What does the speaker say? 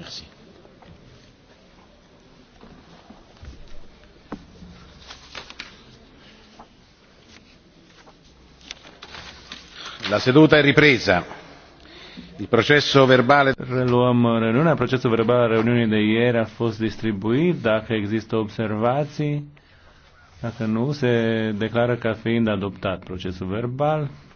Merci. La seduta è ripresa. Il processo verbale. Reluăm reuniunea. Procesul verbal al reuniunii de ieri a fost distribuit. Dacă există observații, dacă nu, se declară ca fiind adoptat procesul verbal.